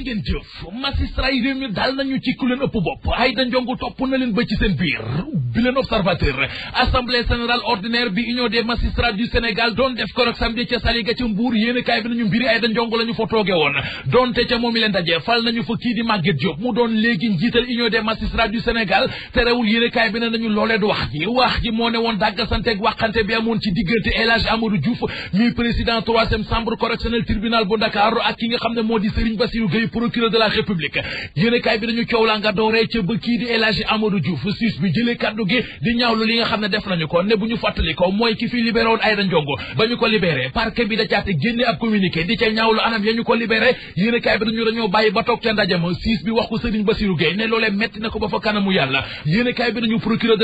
jërë ngeen jëf yi dal nañu ci ku leen ëpp bopp ay da njongu topp na leen ba ci seen biir bi observateur assemblée générale ordinaire bi union des magistrats du Sénégal doon def ko ca saliga ca Mbour yéen bi nañu mbiri ay da njongu fa tooge woon donte ca moom i leen daje fal nañu fa kii di Maguette Diop mu doon léegi njiital union des magistrats du Sénégal terewul yéen bi ne nañu loolee du wax ji wax ji moo ne woon dàggasanteeg ak procureur de la république yéenekaay bi dañu coow laa nga dooree ca ba kii di El Hadji Amadou Diouf bi jëlee kaddu gi di ñaawlu li nga xam ne def nañu ko ne bu ñu fàttali mooy ki fi libéré woon Aïda Ndiongo ba ñu ko libéré parquet bi da caate génne ab communiqué di ca ñaawlu anam ya ñu ko libéré yéenekaay bi dañu dañoo bàyyi ba toog ca ndajam siis bi wax ko Serigne Bassirou Gueye ne loolee metti na ko ba fa kanamu yàlla yéenekaay bi dañu procureur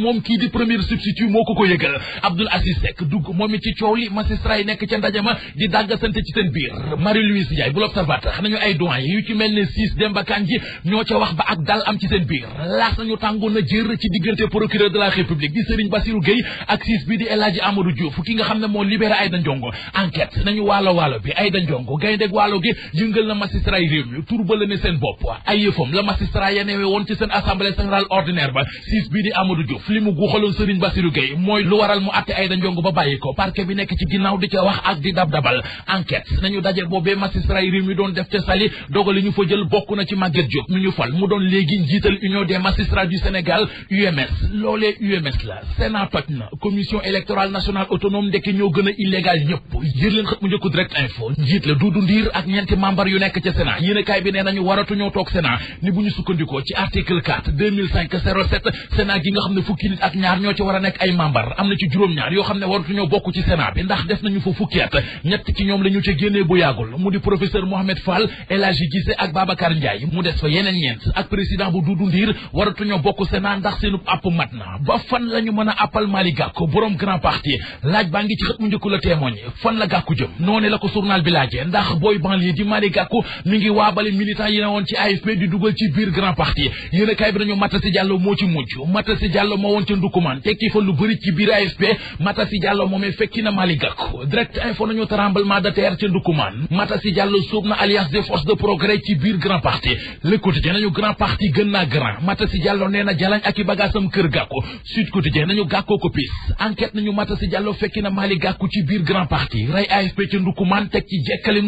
moom kii di premier substitut moo ko ko yëgal Abdoul Aziz dugg moom it ci coow li magistrat yi nekk ca ndaje ma di dàggasante ci seen biir Marie-Louise Ndiaye bu l'Observateur nañu ay doyen yu ci mel ne siis Demba Kandji ñoo ca wax ba ak dal am ci seen biir laas nañu tàngoon na jër ci diggante procureur de la république di Serigne Bassirou Gueye ak siis bi di El Amadou Diouf ki nga xam ne moo libéré Aïda Ndiongo enquête nañu waalo waalo bi Aïda Ndiongo gayndeg waalo gi yëngal na magistrat yi réew mi turbale ne seen bopp ay bi di Amadou Diouf li mu guuxaloon Serigne Bassirou Gueye mooy lu waral mu àtte Aïda Ndiongue ba bàyyi ko parquet bi nekk ci ginnaaw di ca wax ak di dab dabal enquête nañu daje boobee magistrat yi réew doon def ca Saly dogal ñu fa jël bokk na ci Maguette Diop mi ñu fal mu doon léegi njiital Union des magistrats du Sénégal UMS loolee UMS la Sénat toj na commission électorale nationale autonome ndekki ñoo gën illégal ñëpp njiit la Doudou Ndir ak ñeenti membre yu nekk ca Sénat yéenekaay bi nee nañu waratu ñoo toog fukki nit a fan la ñu a àppal Malick Gakou borom grand parti laaj baa ngi ci xët mu njëkku la témoigne fan la Gakou jëm noonu la ko journal bi laajee ndax booy banlieue di Malick Gakou mi ngi waabale militant yi ne woon ci AFP di dugal ci biir grand parti yéen a bi nañu Matassi Diallo moo ci mujj Matassi Diallo ma woon ca Ndoukoumane tekki fa lu bëri ci biir AFP Matasi Diallo moomee fekki na Malick Gakou direct info nañu tremblement de terre ca Ndoukoumane Matasi Diallo suub na alliance des forces de progrès ci biir grand parti Le Quotidien nañu grand parti gën naa grand Matasi Diallo nee na jalañ ak i bagaasam kër Gakou Sud Quotidien nañu Gakou ko pis enquête nañu Matasi Diallo fekki na Malick Gakou ci biir grand parti rey AFP ca Ndoukoumane teg ci jekkali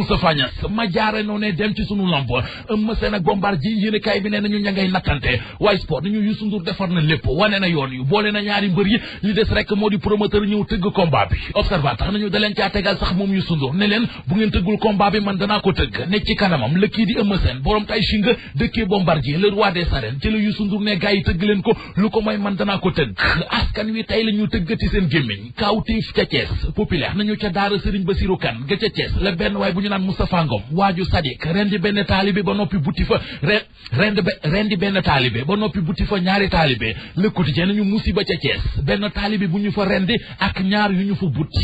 yoon yu boole na ñaari mbër yi li des rek moo di promoteur ñëw tëgg combat bi observateur nañu daleen caa tegal sax moom yu sundur ne leen bu ngeen tëggul combat bi man danaa ko tëgg ne ci kanamam lëkkii di Eumeu Sène borom tay shi nga dëkkee bombardier le roi des arènes ci yu sundur ne gars tëgg leen ko lu ko may man danaa ko tëgg askan wi tay la tëggati seen gémmiñ kaawtéef ca Thiès populaire nañu ca daara Serigne Bassirou Kane ga ca Thiès la benn waay nañu musiba ca Thiès benn taalibe bu ñu fa rendi ak ñaar yu ñu fa buddi